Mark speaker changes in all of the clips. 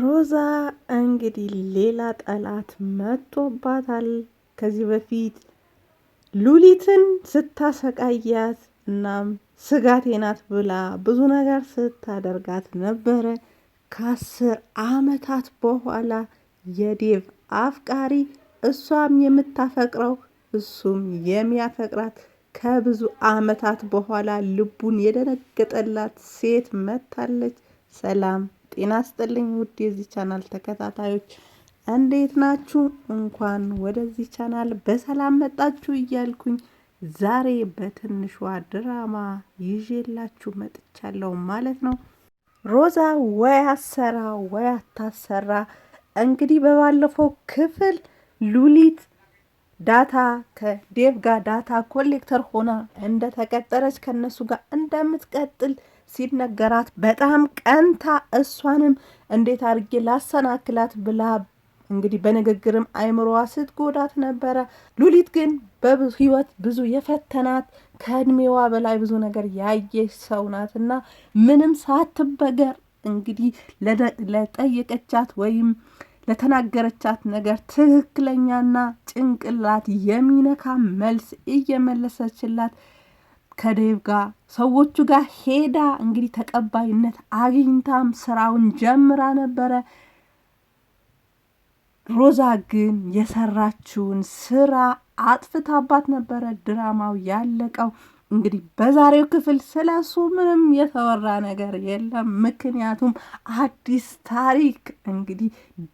Speaker 1: ሮዛ እንግዲህ ሌላ ጠላት መጥቶባታል። ከዚህ በፊት ሉሊትን ስታሰቃያት እናም ስጋቴ ናት ብላ ብዙ ነገር ስታደርጋት ነበረ። ከአስር አመታት በኋላ የዴቭ አፍቃሪ እሷም የምታፈቅረው እሱም የሚያፈቅራት ከብዙ አመታት በኋላ ልቡን የደነገጠላት ሴት መታለች። ሰላም ጤና ስጥልኝ ውድ የዚህ ቻናል ተከታታዮች እንዴት ናችሁ? እንኳን ወደዚህ ቻናል በሰላም መጣችሁ እያልኩኝ ዛሬ በትንሿ ድራማ ይዤላችሁ መጥቻለሁ ማለት ነው። ሮዛ ወይ አሰራ ወይ አታሰራ። እንግዲህ በባለፈው ክፍል ሉሊት ዳታ ከዴቭ ጋር ዳታ ኮሌክተር ሆና እንደተቀጠረች ከነሱ ጋር እንደምትቀጥል ሲነገራት በጣም ቀንታ እሷንም እንዴት አድርጌ ላሰናክላት ብላ እንግዲህ በንግግርም አይምሮዋ ስትጎዳት ነበረ። ሉሊት ግን በህይወት ብዙ የፈተናት ከእድሜዋ በላይ ብዙ ነገር ያየች ሰው ናት እና ምንም ሳትበገር እንግዲህ ለጠየቀቻት ወይም ለተናገረቻት ነገር ትክክለኛና ጭንቅላት የሚነካ መልስ እየመለሰችላት ከዴቭ ጋር ሰዎቹ ጋር ሄዳ እንግዲህ ተቀባይነት አግኝታም ስራውን ጀምራ ነበረ። ሮዛ ግን የሰራችውን ስራ አጥፍታባት ነበረ። ድራማው ያለቀው እንግዲህ በዛሬው ክፍል ስለሱ ምንም የተወራ ነገር የለም። ምክንያቱም አዲስ ታሪክ እንግዲህ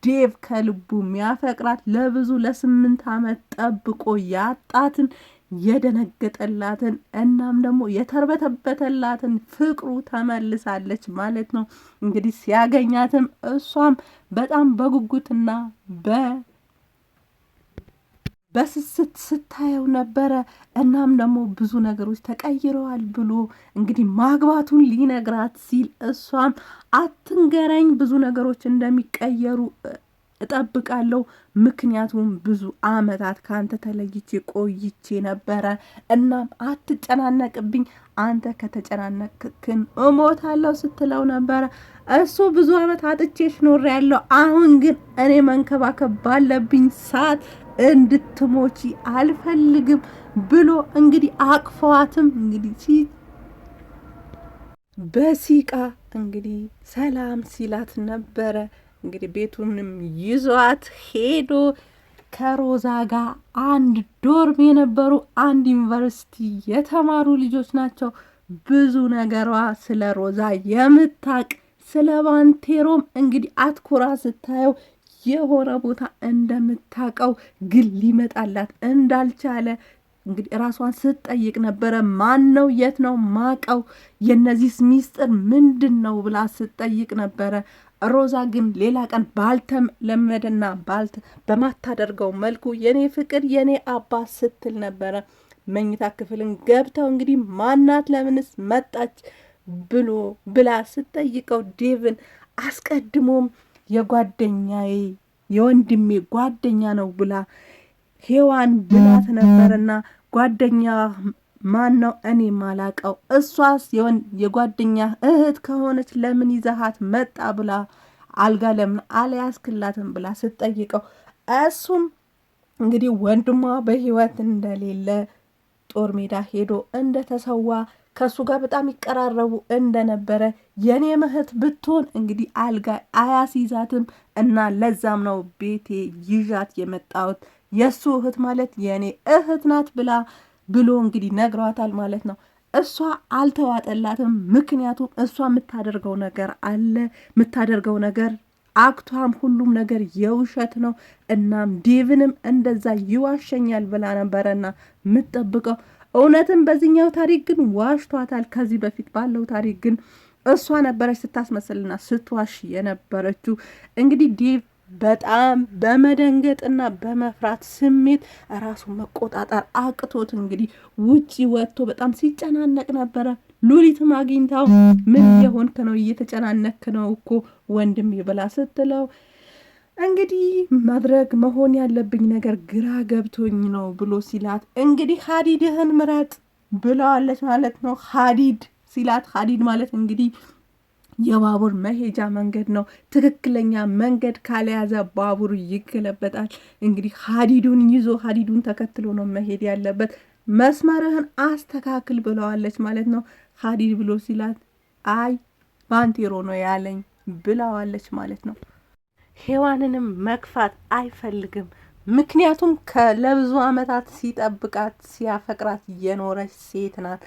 Speaker 1: ዴቭ ከልቡ የሚያፈቅራት ለብዙ ለስምንት ዓመት ጠብቆ ያጣትን የደነገጠላትን እናም ደግሞ የተርበተበተላትን ፍቅሩ ተመልሳለች ማለት ነው። እንግዲህ ሲያገኛትም እሷም በጣም በጉጉትና በ በስስት ስታየው ነበረ። እናም ደግሞ ብዙ ነገሮች ተቀይረዋል ብሎ እንግዲህ ማግባቱን ሊነግራት ሲል እሷም አትንገረኝ ብዙ ነገሮች እንደሚቀየሩ እጠብቃለሁ። ምክንያቱም ብዙ አመታት ከአንተ ተለይቼ ቆይቼ ነበረ። እናም አትጨናነቅብኝ፣ አንተ ከተጨናነቅክን እሞታለሁ ስትለው ነበረ። እሱ ብዙ አመት አጥቼሽ ያለው አሁን ግን እኔ መንከባከብ ባለብኝ ሰዓት እንድትሞቺ አልፈልግም ብሎ እንግዲህ አቅፈዋትም እንግዲህ በሲቃ እንግዲህ ሰላም ሲላት ነበረ። እንግዲህ ቤቱንም ይዟት ሄዶ ከሮዛ ጋር አንድ ዶርም የነበሩ አንድ ዩኒቨርሲቲ የተማሩ ልጆች ናቸው። ብዙ ነገሯ ስለ ሮዛ የምታቅ ስለ ባንቴሮም እንግዲህ አትኩራ ስታየው የሆነ ቦታ እንደምታቀው ግን ሊመጣላት እንዳልቻለ እንግዲህ ራሷን ስትጠይቅ ነበረ። ማን ነው? የት ነው ማቀው? የነዚህ ሚስጥር ምንድን ነው ብላ ስትጠይቅ ነበረ። ሮዛ ግን ሌላ ቀን ባልተለመደና ባልተ በማታደርገው መልኩ የኔ ፍቅር የኔ አባት ስትል ነበረ። መኝታ ክፍልን ገብተው እንግዲህ ማናት ለምንስ መጣች ብሎ ብላ ስትጠይቀው ዴቭን አስቀድሞም የጓደኛዬ የወንድሜ ጓደኛ ነው ብላ ሄዋን ብላት ነበርና ጓደኛ ማን ነው እኔ ማላቀው? እሷስ የጓደኛ እህት ከሆነች ለምን ይዘሃት መጣ ብላ አልጋ ለምን አልያዝክላትም ብላ ስትጠይቀው እሱም እንግዲህ ወንድሟ በህይወት እንደሌለ ጦር ሜዳ ሄዶ እንደተሰዋ ከእሱ ጋር በጣም ይቀራረቡ እንደነበረ የኔ እህት ብትሆን እንግዲህ አልጋ አያስይዛትም እና ለዛም ነው ቤቴ ይዣት የመጣሁት የእሱ እህት ማለት የእኔ እህት ናት ብላ ብሎ እንግዲህ ነግሯታል ማለት ነው። እሷ አልተዋጠላትም። ምክንያቱም እሷ የምታደርገው ነገር አለ የምታደርገው ነገር አክቷም ሁሉም ነገር የውሸት ነው። እናም ዴቭንም እንደዛ ይዋሸኛል ብላ ነበረና የምትጠብቀው እውነትም በዚህኛው ታሪክ ግን ዋሽቷታል። ከዚህ በፊት ባለው ታሪክ ግን እሷ ነበረች ስታስመስልና ስትዋሽ የነበረችው እንግዲህ ዴቭ በጣም በመደንገጥና በመፍራት ስሜት ራሱን መቆጣጠር አቅቶት እንግዲህ ውጪ ወጥቶ በጣም ሲጨናነቅ ነበረ። ሉሊትም አግኝታው ምን የሆንክ ነው? እየተጨናነክ ነው እኮ ወንድም ይብላ ስትለው እንግዲህ ማድረግ መሆን ያለብኝ ነገር ግራ ገብቶኝ ነው ብሎ ሲላት እንግዲህ ሀዲድህን ምረጥ ብለዋለች ማለት ነው። ሀዲድ ሲላት ሀዲድ ማለት እንግዲህ የባቡር መሄጃ መንገድ ነው። ትክክለኛ መንገድ ካልያዘ ባቡር ይገለበጣል። እንግዲህ ሀዲዱን ይዞ ሀዲዱን ተከትሎ ነው መሄድ ያለበት። መስመርህን አስተካክል ብለዋለች ማለት ነው። ሀዲድ ብሎ ሲላት አይ ባንቴሮ ነው ያለኝ ብለዋለች ማለት ነው። ሔዋንንም መግፋት አይፈልግም። ምክንያቱም ለብዙ ዓመታት ሲጠብቃት ሲያፈቅራት የኖረች ሴት ናት።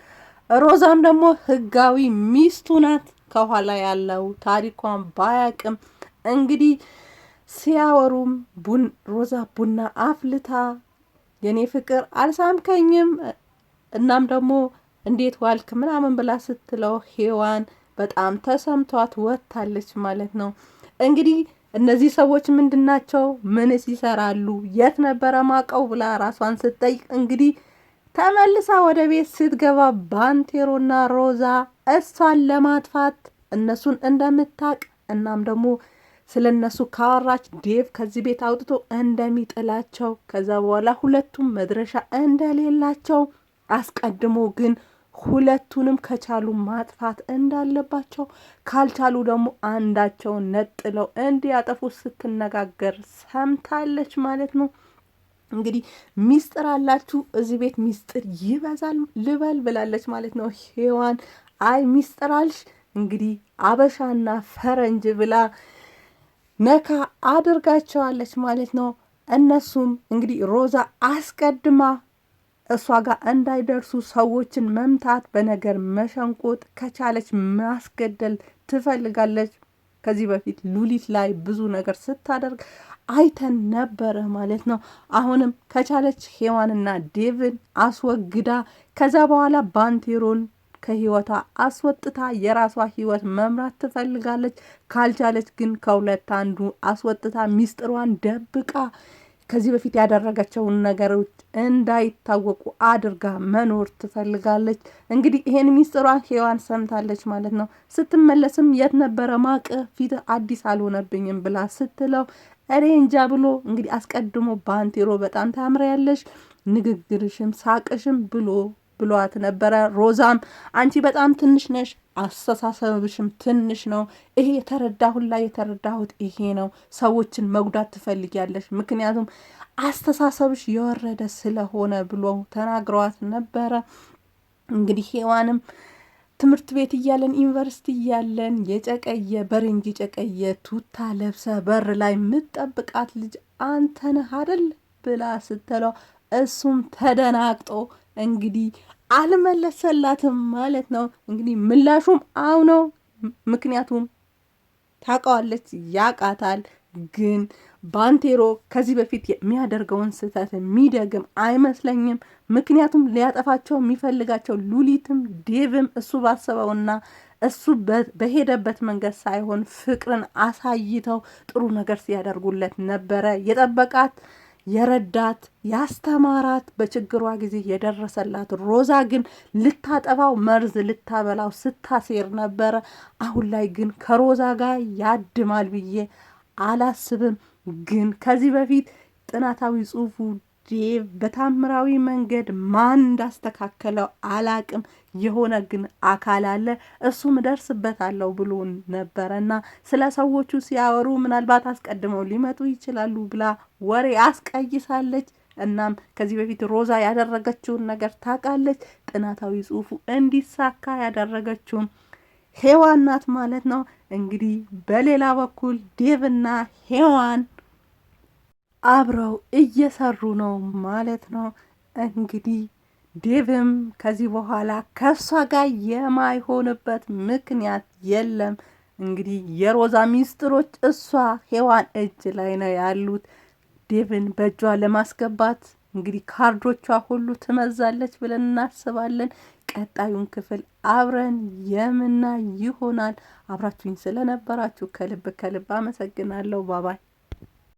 Speaker 1: ሮዛም ደግሞ ህጋዊ ሚስቱ ናት። ከኋላ ያለው ታሪኳን ባያቅም እንግዲህ ሲያወሩም ሮዛ ቡና አፍልታ የኔ ፍቅር አልሳምከኝም፣ እናም ደግሞ እንዴት ዋልክ ምናምን ብላ ስትለው ሄዋን በጣም ተሰምቷት ወጥታለች ማለት ነው። እንግዲህ እነዚህ ሰዎች ምንድናቸው? ምንስ ይሰራሉ? የት ነበረ ማቀው ብላ ራሷን ስትጠይቅ እንግዲህ ተመልሳ ወደ ቤት ስትገባ ባንቴሮና ሮዛ እሷን ለማጥፋት እነሱን እንደምታቅ እናም ደግሞ ስለ እነሱ ካወራች ዴቭ ከዚህ ቤት አውጥቶ እንደሚጥላቸው ከዛ በኋላ ሁለቱም መድረሻ እንደሌላቸው አስቀድሞ ግን ሁለቱንም ከቻሉ ማጥፋት እንዳለባቸው ካልቻሉ ደግሞ አንዳቸውን ነጥለው እንዲያጠፉ ስትነጋገር ሰምታለች ማለት ነው። እንግዲህ ሚስጥር አላችሁ እዚህ ቤት ሚስጥር ይበዛል ልበል ብላለች ማለት ነው ሔዋን። አይ ሚስጥር አልሽ እንግዲህ አበሻና ፈረንጅ ብላ ነካ አድርጋቸዋለች ማለት ነው። እነሱም እንግዲህ ሮዛ አስቀድማ እሷ ጋር እንዳይደርሱ ሰዎችን መምታት፣ በነገር መሸንቆጥ፣ ከቻለች ማስገደል ትፈልጋለች። ከዚህ በፊት ሉሊት ላይ ብዙ ነገር ስታደርግ አይተን ነበረ ማለት ነው። አሁንም ከቻለች ሔዋንና ዴቭን አስወግዳ ከዛ በኋላ ባንቴሮን ከህይወቷ አስወጥታ የራሷ ህይወት መምራት ትፈልጋለች። ካልቻለች ግን ከሁለት አንዱ አስወጥታ ሚስጥሯን ደብቃ ከዚህ በፊት ያደረገችውን ነገሮች እንዳይታወቁ አድርጋ መኖር ትፈልጋለች። እንግዲህ ይሄን ሚስጥሯ ሔዋን ሰምታለች ማለት ነው። ስትመለስም የት ነበረ ማቅ ፊት አዲስ አልሆነብኝም ብላ ስትለው እኔ እንጃ ብሎ እንግዲህ አስቀድሞ ባንቴሮ በጣም ታምሪያለሽ፣ ንግግርሽም ሳቅሽም ብሎ ብሏት ነበረ። ሮዛም አንቺ በጣም ትንሽ ነሽ፣ አስተሳሰብሽም ትንሽ ነው። ይሄ የተረዳሁት ላይ የተረዳሁት ይሄ ነው። ሰዎችን መጉዳት ትፈልጊያለሽ፣ ምክንያቱም አስተሳሰብሽ የወረደ ስለሆነ ብሎ ተናግረዋት ነበረ። እንግዲህ ሔዋንም ትምህርት ቤት እያለን ዩኒቨርሲቲ እያለን የጨቀየ በሬንጅ የጨቀየ ቱታ ለብሰ በር ላይ ምጠብቃት ልጅ አንተ ነህ አደል ብላ ስትለው እሱም ተደናግጦ እንግዲህ አልመለሰላትም ማለት ነው። እንግዲህ ምላሹም አው ነው። ምክንያቱም ታውቀዋለች፣ ያቃታል። ግን ባንቴሮ ከዚህ በፊት የሚያደርገውን ስህተት የሚደግም አይመስለኝም። ምክንያቱም ሊያጠፋቸው የሚፈልጋቸው ሉሊትም ዴቭም እሱ ባሰበውና እሱ በሄደበት መንገድ ሳይሆን ፍቅርን አሳይተው ጥሩ ነገር ሲያደርጉለት ነበረ የጠበቃት የረዳት ያስተማራት በችግሯ ጊዜ የደረሰላት ሮዛ ግን ልታጠባው መርዝ ልታበላው ስታሴር ነበረ። አሁን ላይ ግን ከሮዛ ጋር ያድማል ብዬ አላስብም። ግን ከዚህ በፊት ጥናታዊ ጽሑፉ ዴቭ በታምራዊ መንገድ ማን እንዳስተካከለው አላቅም፣ የሆነ ግን አካል አለ እሱም ደርስበታለሁ ብሎ ነበረ እና ስለ ሰዎቹ ሲያወሩ ምናልባት አስቀድመው ሊመጡ ይችላሉ ብላ ወሬ አስቀይሳለች። እናም ከዚህ በፊት ሮዛ ያደረገችውን ነገር ታውቃለች። ጥናታዊ ጽሑፉ እንዲሳካ ያደረገችውም ሄዋን ናት ማለት ነው። እንግዲህ በሌላ በኩል ዴቭና ሄዋን አብረው እየሰሩ ነው ማለት ነው። እንግዲህ ዴቭም ከዚህ በኋላ ከሷ ጋር የማይሆንበት ምክንያት የለም። እንግዲህ የሮዛ ሚስጥሮች እሷ ሔዋን እጅ ላይ ነው ያሉት። ዴቭን በእጇ ለማስገባት እንግዲህ ካርዶቿ ሁሉ ትመዛለች ብለን እናስባለን። ቀጣዩን ክፍል አብረን የምናይ ይሆናል። አብራችሁኝ ስለነበራችሁ ከልብ ከልብ አመሰግናለሁ። ባባይ